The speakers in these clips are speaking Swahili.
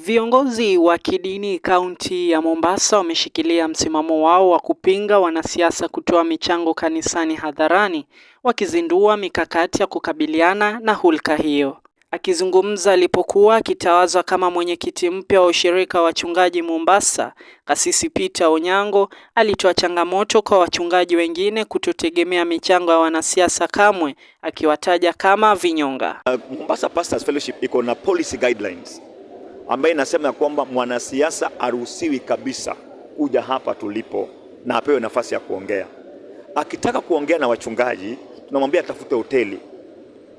Viongozi wa kidini kaunti ya Mombasa wameshikilia msimamo wao wa kupinga wanasiasa kutoa michango kanisani hadharani, wakizindua mikakati ya kukabiliana na hulka hiyo. Akizungumza alipokuwa akitawazwa kama mwenyekiti mpya wa ushirika wa wachungaji Mombasa, Kasisi Peter Onyango alitoa changamoto kwa wachungaji wengine kutotegemea michango ya wanasiasa kamwe, akiwataja kama vinyonga. Uh, Mombasa Pastors Fellowship iko na policy guidelines ambaye inasema ya kwamba mwanasiasa aruhusiwi kabisa kuja hapa tulipo na apewe nafasi ya kuongea. Akitaka kuongea na wachungaji, tunamwambia atafute hoteli,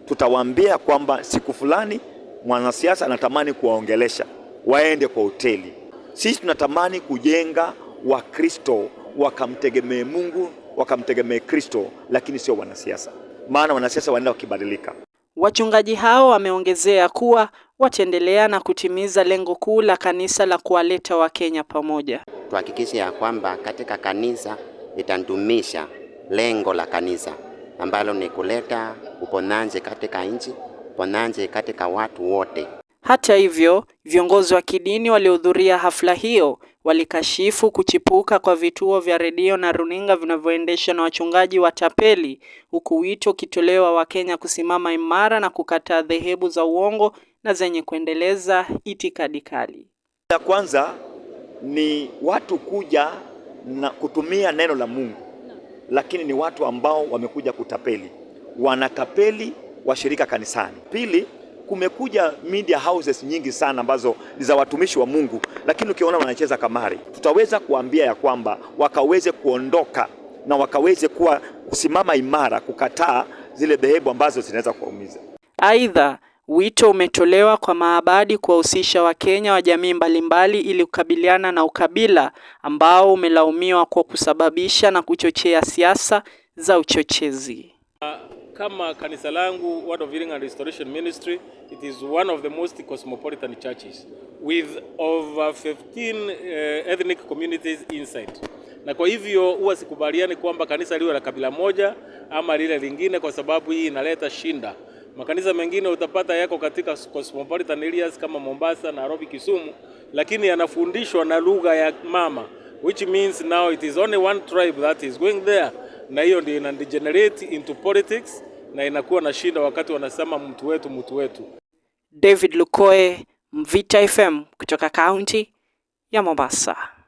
tutawaambia kwamba siku fulani mwanasiasa anatamani kuwaongelesha, waende kwa hoteli. Sisi tunatamani kujenga Wakristo wakamtegemee Mungu, wakamtegemee Kristo, lakini sio wanasiasa, maana wanasiasa wanaenda wakibadilika. Wachungaji hao wameongezea kuwa wataendelea na kutimiza lengo kuu la kanisa la kuwaleta Wakenya pamoja. Tuhakikishe ya kwamba katika kanisa itadumisha lengo la kanisa ambalo ni kuleta uponanje katika nchi, uponanje katika watu wote. Hata hivyo, viongozi wa kidini waliohudhuria hafla hiyo walikashifu kuchipuka kwa vituo vya redio na runinga vinavyoendeshwa na wachungaji watapeli, huku wito ukitolewa Wakenya kusimama imara na kukataa dhehebu za uongo na zenye kuendeleza itikadi kali. Ya kwanza ni watu kuja na kutumia neno la Mungu, lakini ni watu ambao wamekuja kutapeli, wanatapeli washirika kanisani. Pili, kumekuja media houses nyingi sana ambazo ni za watumishi wa Mungu, lakini ukiona wanacheza kamari, tutaweza kuambia ya kwamba wakaweze kuondoka na wakaweze kuwa kusimama imara kukataa zile dhehebu ambazo zinaweza kuwaumiza. Aidha, wito umetolewa kwa maabadi kuwahusisha Wakenya wa jamii mbalimbali ili kukabiliana na ukabila ambao umelaumiwa kwa kusababisha na kuchochea siasa za uchochezi kama kanisa langu Word of Healing and Restoration Ministry, it is one of the most cosmopolitan churches with over 15 uh, eh, ethnic communities inside. Na kwa hivyo huwa sikubaliani kwamba kanisa liwe la kabila moja ama lile lingine, kwa sababu hii inaleta shinda. Makanisa mengine utapata yako katika cosmopolitan areas kama Mombasa, Nairobi, Kisumu, lakini yanafundishwa na lugha ya mama which means now it is only one tribe that is going there, na hiyo ndio ina degenerate into politics na inakuwa na shida wakati wanasema mtu wetu mtu wetu. David Lukoe, Mvita FM kutoka kaunti ya Mombasa.